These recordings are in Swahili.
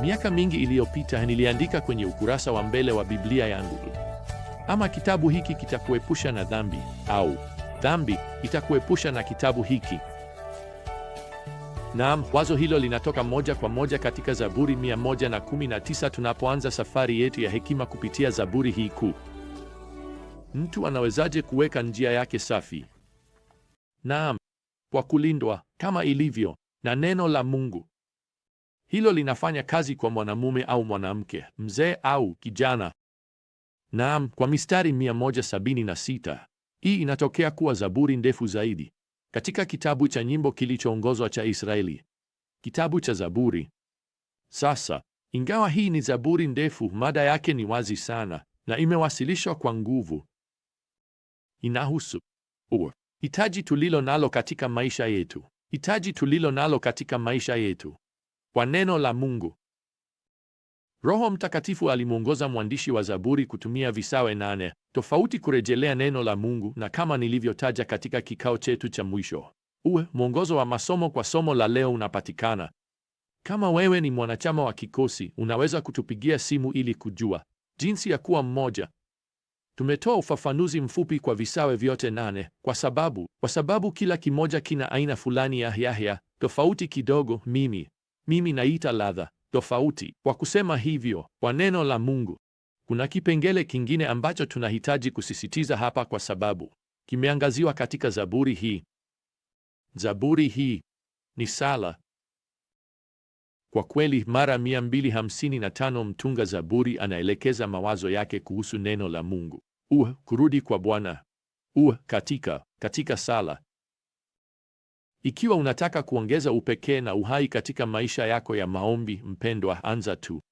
Miaka mingi iliyopita niliandika kwenye ukurasa wa mbele wa Biblia yangu, ama kitabu hiki kitakuepusha na dhambi, au dhambi itakuepusha na kitabu hiki. Naam, wazo hilo linatoka moja kwa moja katika Zaburi 119 tunapoanza safari yetu ya hekima kupitia Zaburi hii kuu. Mtu anawezaje kuweka njia yake safi? Naam, kwa kulindwa kama ilivyo na neno la Mungu. Hilo linafanya kazi kwa mwanamume au mwanamke, mzee au kijana. Naam, kwa mistari 176. Hii inatokea kuwa zaburi ndefu zaidi katika kitabu cha nyimbo kilichoongozwa cha Israeli, kitabu cha Zaburi. Sasa, ingawa hii ni zaburi ndefu, mada yake ni wazi sana na imewasilishwa kwa nguvu. Inahusu u hitaji tulilo nalo katika maisha yetu, hitaji tulilo nalo katika maisha yetu kwa neno la Mungu. Roho Mtakatifu alimwongoza mwandishi wa Zaburi kutumia visawe nane tofauti kurejelea neno la Mungu, na kama nilivyotaja katika kikao chetu cha mwisho, uwe mwongozo wa masomo kwa somo la leo unapatikana. Kama wewe ni mwanachama wa kikosi, unaweza kutupigia simu ili kujua jinsi ya kuwa mmoja. Tumetoa ufafanuzi mfupi kwa visawe vyote nane kwa sababu kwa sababu kila kimoja kina aina fulani ya Yahya tofauti kidogo. Mimi mimi naita ladha tofauti. Kwa kusema hivyo, kwa neno la Mungu kuna kipengele kingine ambacho tunahitaji kusisitiza hapa, kwa sababu kimeangaziwa katika zaburi hii. Zaburi hii ni sala. Kwa kweli, mara 255 mtunga zaburi anaelekeza mawazo yake kuhusu neno la Mungu, uh kurudi kwa Bwana, uh katika katika sala ikiwa unataka kuongeza upekee na uhai katika maisha yako ya maombi, mpendwa, anza tu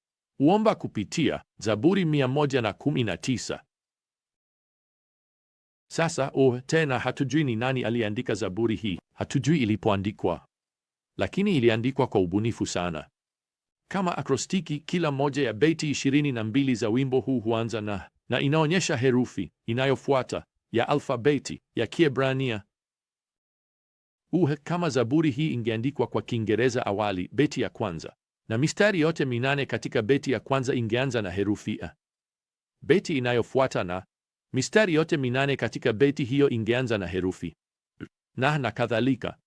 uomba kupitia Zaburi 119. Sasa oh, tena hatujui ni nani aliandika zaburi hii, hatujui ilipoandikwa, lakini iliandikwa kwa ubunifu sana kama akrostiki. Kila moja ya beti 22 za wimbo huu huanza na na inaonyesha herufi inayofuata ya alfabeti ya Kiebrania uh, kama zaburi hii ingeandikwa kwa Kiingereza awali, beti ya kwanza na mistari yote minane katika beti ya kwanza ingeanza na herufi a. E. Beti inayofuata na mistari yote minane katika beti hiyo ingeanza na herufi na na kadhalika.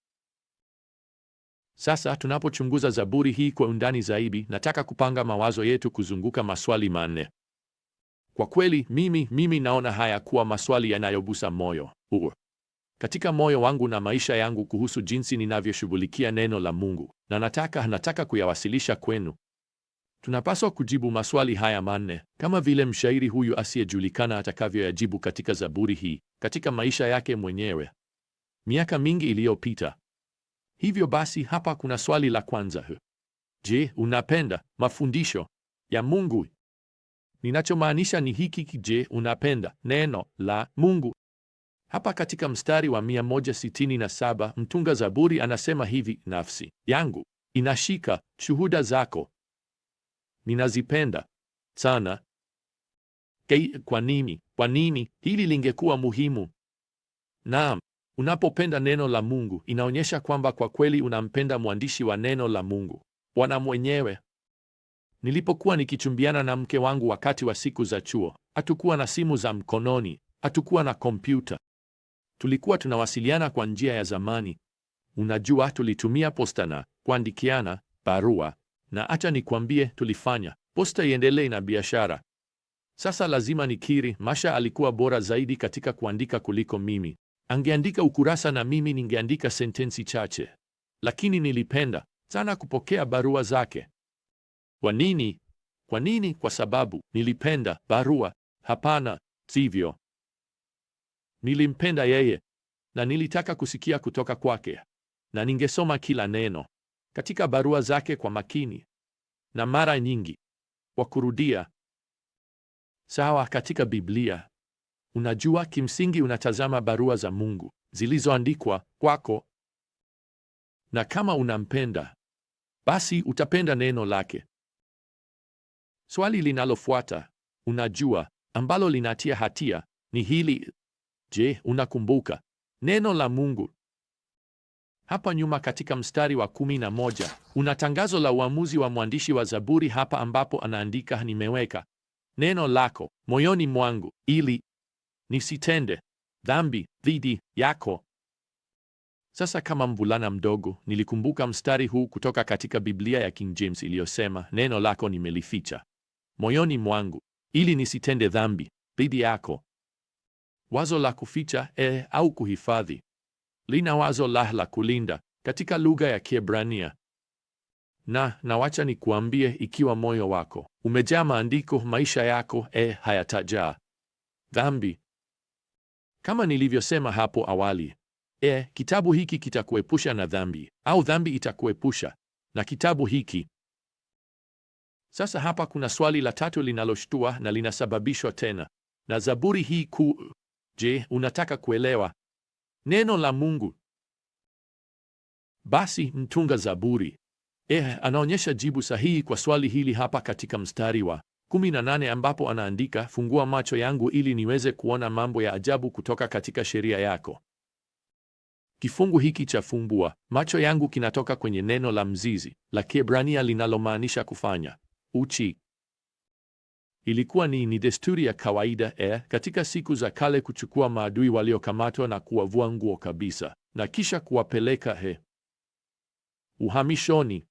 Sasa tunapochunguza zaburi hii kwa undani zaidi, nataka kupanga mawazo yetu kuzunguka maswali manne. Kwa kweli mimi mimi naona haya kuwa maswali yanayogusa moyo. Uwe katika moyo wangu na maisha yangu kuhusu jinsi ninavyoshughulikia neno la Mungu, na nataka nataka kuyawasilisha kwenu. Tunapaswa kujibu maswali haya manne kama vile mshairi huyu asiyejulikana atakavyoyajibu katika zaburi hii katika maisha yake mwenyewe miaka mingi iliyopita. Hivyo basi, hapa kuna swali la kwanza: Je, unapenda mafundisho ya Mungu? Ninachomaanisha ni hiki: je, unapenda neno la Mungu? Hapa katika mstari wa 167 mtunga zaburi anasema hivi: nafsi yangu inashika shuhuda zako, ninazipenda sana. Kwa nini? Kwa nini hili lingekuwa muhimu? Naam, unapopenda neno la Mungu inaonyesha kwamba kwa kweli unampenda mwandishi wa neno la Mungu, Bwana mwenyewe. Nilipokuwa nikichumbiana na mke wangu wakati wa siku za chuo, hatukuwa na simu za mkononi, hatukuwa na kompyuta, Tulikuwa tunawasiliana kwa njia ya zamani. Unajua, tulitumia posta na kuandikiana barua, na acha nikwambie, tulifanya posta iendelee na biashara. Sasa lazima nikiri, Masha alikuwa bora zaidi katika kuandika kuliko mimi. Angeandika ukurasa na mimi ningeandika sentensi chache, lakini nilipenda sana kupokea barua zake. Kwa nini? Kwa nini? Kwa sababu nilipenda barua. Hapana, sivyo? Nilimpenda yeye na nilitaka kusikia kutoka kwake, na ningesoma kila neno katika barua zake kwa makini na mara nyingi kwa kurudia. Sawa, katika Biblia unajua, kimsingi unatazama barua za Mungu zilizoandikwa kwako, na kama unampenda basi utapenda neno lake. Swali linalofuata, unajua, ambalo linatia hatia ni hili: Je, unakumbuka neno la Mungu hapa nyuma katika mstari wa kumi na moja una tangazo la uamuzi wa mwandishi wa Zaburi hapa ambapo anaandika, nimeweka neno lako moyoni mwangu ili nisitende dhambi dhidi yako. Sasa kama mvulana mdogo, nilikumbuka mstari huu kutoka katika Biblia ya King James iliyosema, neno lako nimelificha moyoni mwangu ili nisitende dhambi dhidi yako. Wazo la kuficha e, au kuhifadhi lina wazo la la kulinda katika lugha ya Kiebrania. Na nawacha nikuambie, ikiwa moyo wako umejaa maandiko, maisha yako e, hayatajaa dhambi. Kama nilivyosema hapo awali, e, kitabu hiki kitakuepusha na dhambi, au dhambi itakuepusha na kitabu hiki. Sasa hapa kuna swali la tatu linaloshtua na linasababishwa tena na Zaburi hii kuu Je, unataka kuelewa neno la Mungu? Basi mtunga zaburi eh, anaonyesha jibu sahihi kwa swali hili hapa katika mstari wa 18 ambapo anaandika, fungua macho yangu ili niweze kuona mambo ya ajabu kutoka katika sheria yako. Kifungu hiki cha fumbua macho yangu kinatoka kwenye neno la mzizi la Kiebrania linalomaanisha kufanya uchi Ilikuwa ni, ni desturi ya kawaida eh, katika siku za kale kuchukua maadui waliokamatwa na kuwavua nguo kabisa na kisha kuwapeleka he eh, uhamishoni.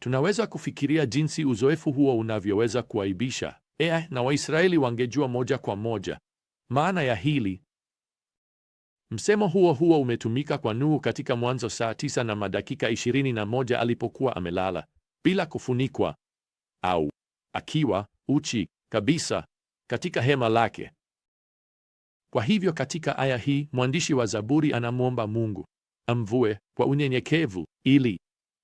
Tunaweza kufikiria jinsi uzoefu huo unavyoweza kuaibisha eh, na Waisraeli wangejua moja kwa moja maana ya hili. Msemo huo huo umetumika kwa Nuhu katika Mwanzo saa tisa na madakika ishirini na moja alipokuwa amelala bila kufunikwa au akiwa uchi kabisa katika hema lake. Kwa hivyo katika aya hii mwandishi wa Zaburi anamwomba Mungu amvue kwa unyenyekevu ili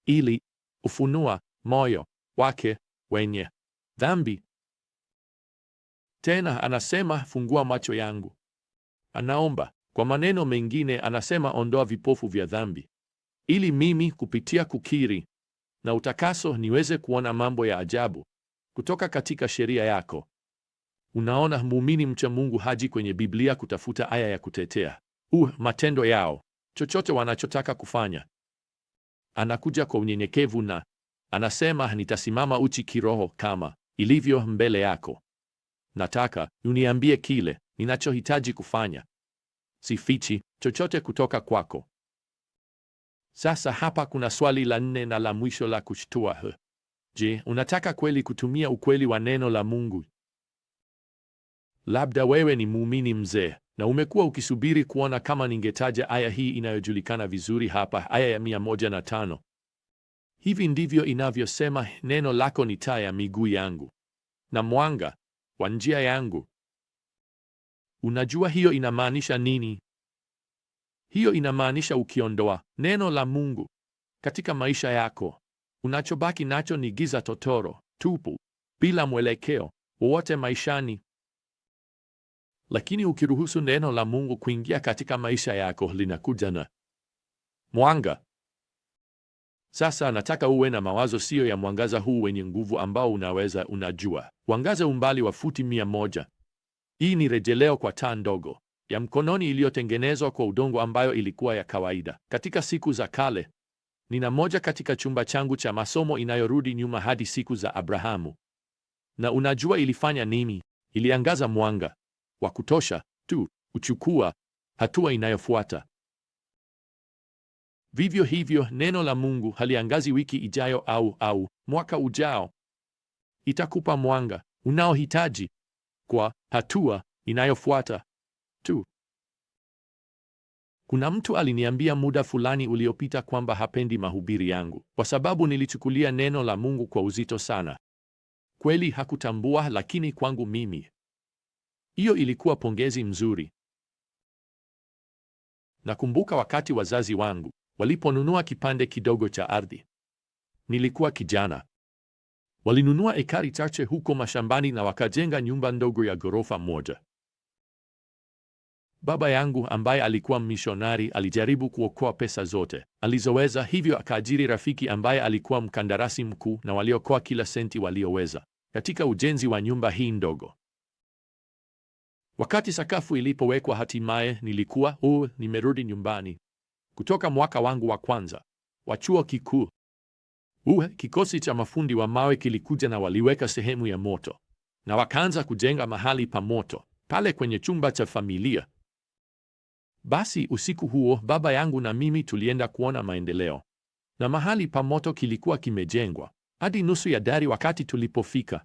ili ufunua moyo wake wenye dhambi. Tena anasema fungua macho yangu, anaomba. Kwa maneno mengine, anasema ondoa vipofu vya dhambi, ili mimi kupitia kukiri na utakaso niweze kuona mambo ya ajabu kutoka katika sheria yako. Unaona, muumini mcha Mungu haji kwenye Biblia kutafuta aya ya kutetea uh, matendo yao, chochote wanachotaka kufanya. Anakuja kwa unyenyekevu na anasema, nitasimama uchi kiroho kama ilivyo mbele yako. Nataka uniambie kile ninachohitaji kufanya, sifichi chochote kutoka kwako. Sasa hapa kuna swali la nne na la mwisho la kushtua. Je, unataka kweli kutumia ukweli wa neno la Mungu? Labda wewe ni muumini mzee na umekuwa ukisubiri kuona kama ningetaja aya hii inayojulikana vizuri hapa, aya ya mia moja na tano. Hivi ndivyo inavyosema: neno lako ni taa ya miguu yangu na mwanga wa njia yangu. Unajua hiyo inamaanisha nini? Hiyo inamaanisha ukiondoa neno la Mungu katika maisha yako, unachobaki nacho ni giza totoro tupu, bila mwelekeo wowote maishani. Lakini ukiruhusu neno la Mungu kuingia katika maisha yako, linakuja na mwanga. Sasa nataka uwe na mawazo siyo ya mwangaza huu wenye nguvu ambao unaweza unajua mwangaza umbali wa futi mia moja. Hii ni rejeleo kwa taa ndogo ya mkononi iliyotengenezwa kwa udongo ambayo ilikuwa ya kawaida katika siku za kale. Nina moja katika chumba changu cha masomo inayorudi nyuma hadi siku za Abrahamu. Na unajua ilifanya nini? Iliangaza mwanga wa kutosha tu uchukua hatua inayofuata. Vivyo hivyo neno la Mungu haliangazi wiki ijayo au au mwaka ujao. Itakupa mwanga unaohitaji kwa hatua inayofuata tu. Kuna mtu aliniambia muda fulani uliopita kwamba hapendi mahubiri yangu kwa sababu nilichukulia neno la Mungu kwa uzito sana. Kweli hakutambua, lakini kwangu mimi hiyo ilikuwa pongezi mzuri. Nakumbuka wakati wazazi wangu waliponunua kipande kidogo cha ardhi, nilikuwa kijana. Walinunua ekari chache huko mashambani na wakajenga nyumba ndogo ya ghorofa moja. Baba yangu ambaye alikuwa mishonari alijaribu kuokoa pesa zote alizoweza, hivyo akaajiri rafiki ambaye alikuwa mkandarasi mkuu, na waliokoa kila senti walioweza katika ujenzi wa nyumba hii ndogo. Wakati sakafu ilipowekwa hatimaye, nilikuwa uh, nimerudi nyumbani kutoka mwaka wangu wa kwanza wa chuo kikuu. Uh, kikosi cha mafundi wa mawe kilikuja na waliweka sehemu ya moto na wakaanza kujenga mahali pa moto pale kwenye chumba cha familia. Basi usiku huo baba yangu na mimi tulienda kuona maendeleo, na mahali pa moto kilikuwa kimejengwa hadi nusu ya dari wakati tulipofika.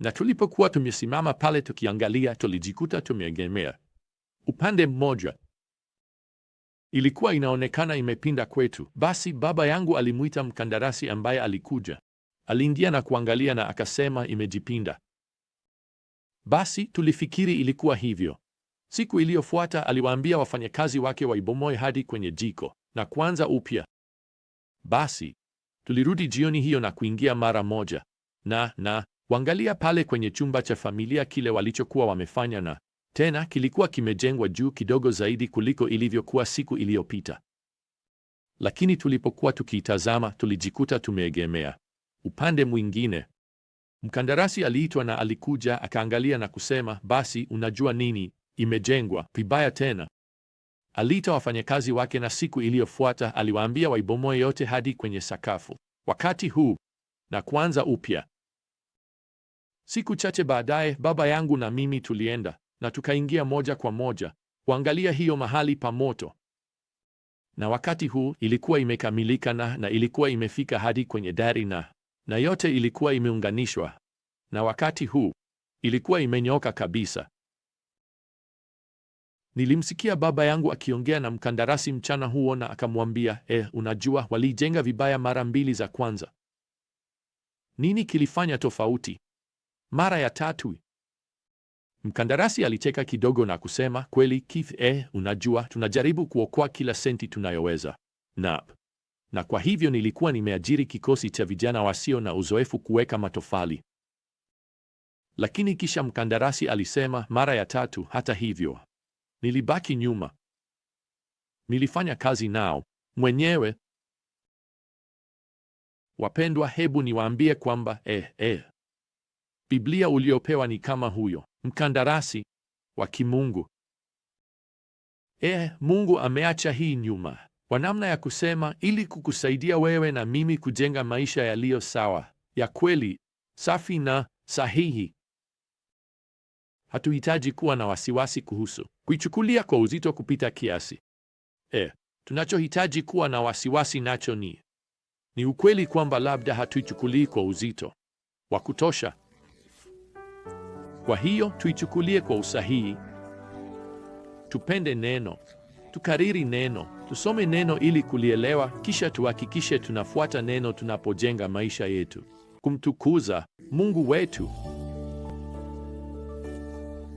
Na tulipokuwa tumesimama pale tukiangalia, tulijikuta tumeegemea upande mmoja, ilikuwa inaonekana imepinda kwetu. Basi baba yangu alimuita mkandarasi ambaye alikuja, aliingia na kuangalia na akasema, imejipinda. Basi tulifikiri ilikuwa hivyo, Siku iliyofuata aliwaambia wafanyakazi wake waibomoe hadi kwenye jiko na kuanza upya. Basi tulirudi jioni hiyo na kuingia mara moja na na kuangalia pale kwenye chumba cha familia kile walichokuwa wamefanya, na tena kilikuwa kimejengwa juu kidogo zaidi kuliko ilivyokuwa siku iliyopita. Lakini tulipokuwa tukiitazama, tulijikuta tumeegemea upande mwingine. Mkandarasi aliitwa na alikuja akaangalia na kusema, basi unajua nini, imejengwa vibaya tena. Aliita wafanyakazi wake, na siku iliyofuata aliwaambia waibomoe yote hadi kwenye sakafu, wakati huu na kuanza upya. Siku chache baadaye, baba yangu na mimi tulienda na tukaingia moja kwa moja kuangalia hiyo mahali pa moto, na wakati huu ilikuwa imekamilika na na ilikuwa imefika hadi kwenye dari na na yote ilikuwa imeunganishwa, na wakati huu ilikuwa imenyoka kabisa. Nilimsikia baba yangu akiongea na mkandarasi mchana huo na akamwambia, eh, unajua walijenga vibaya mara mbili za kwanza. Nini kilifanya tofauti mara ya tatu? Mkandarasi alicheka kidogo na kusema, kweli Keith, eh, unajua tunajaribu kuokoa kila senti tunayoweza na na kwa hivyo nilikuwa nimeajiri kikosi cha vijana wasio na uzoefu kuweka matofali. Lakini kisha mkandarasi alisema mara ya tatu, hata hivyo Nilibaki nyuma. Nilifanya kazi nao mwenyewe. Wapendwa, hebu niwaambie kwamba eh, eh, Biblia uliopewa ni kama huyo mkandarasi wa kimungu. Eh, Mungu ameacha hii nyuma kwa namna ya kusema, ili kukusaidia wewe na mimi kujenga maisha yaliyo sawa, ya kweli, safi na sahihi. Hatuhitaji kuwa na wasiwasi kuhusu kuichukulia kwa uzito kupita kiasi. E, tunachohitaji kuwa na wasiwasi nacho ni ni ukweli kwamba labda hatuichukulii kwa uzito wa kutosha. Kwa hiyo tuichukulie kwa usahihi, tupende neno, tukariri neno, tusome neno ili kulielewa, kisha tuhakikishe tunafuata neno tunapojenga maisha yetu kumtukuza Mungu wetu.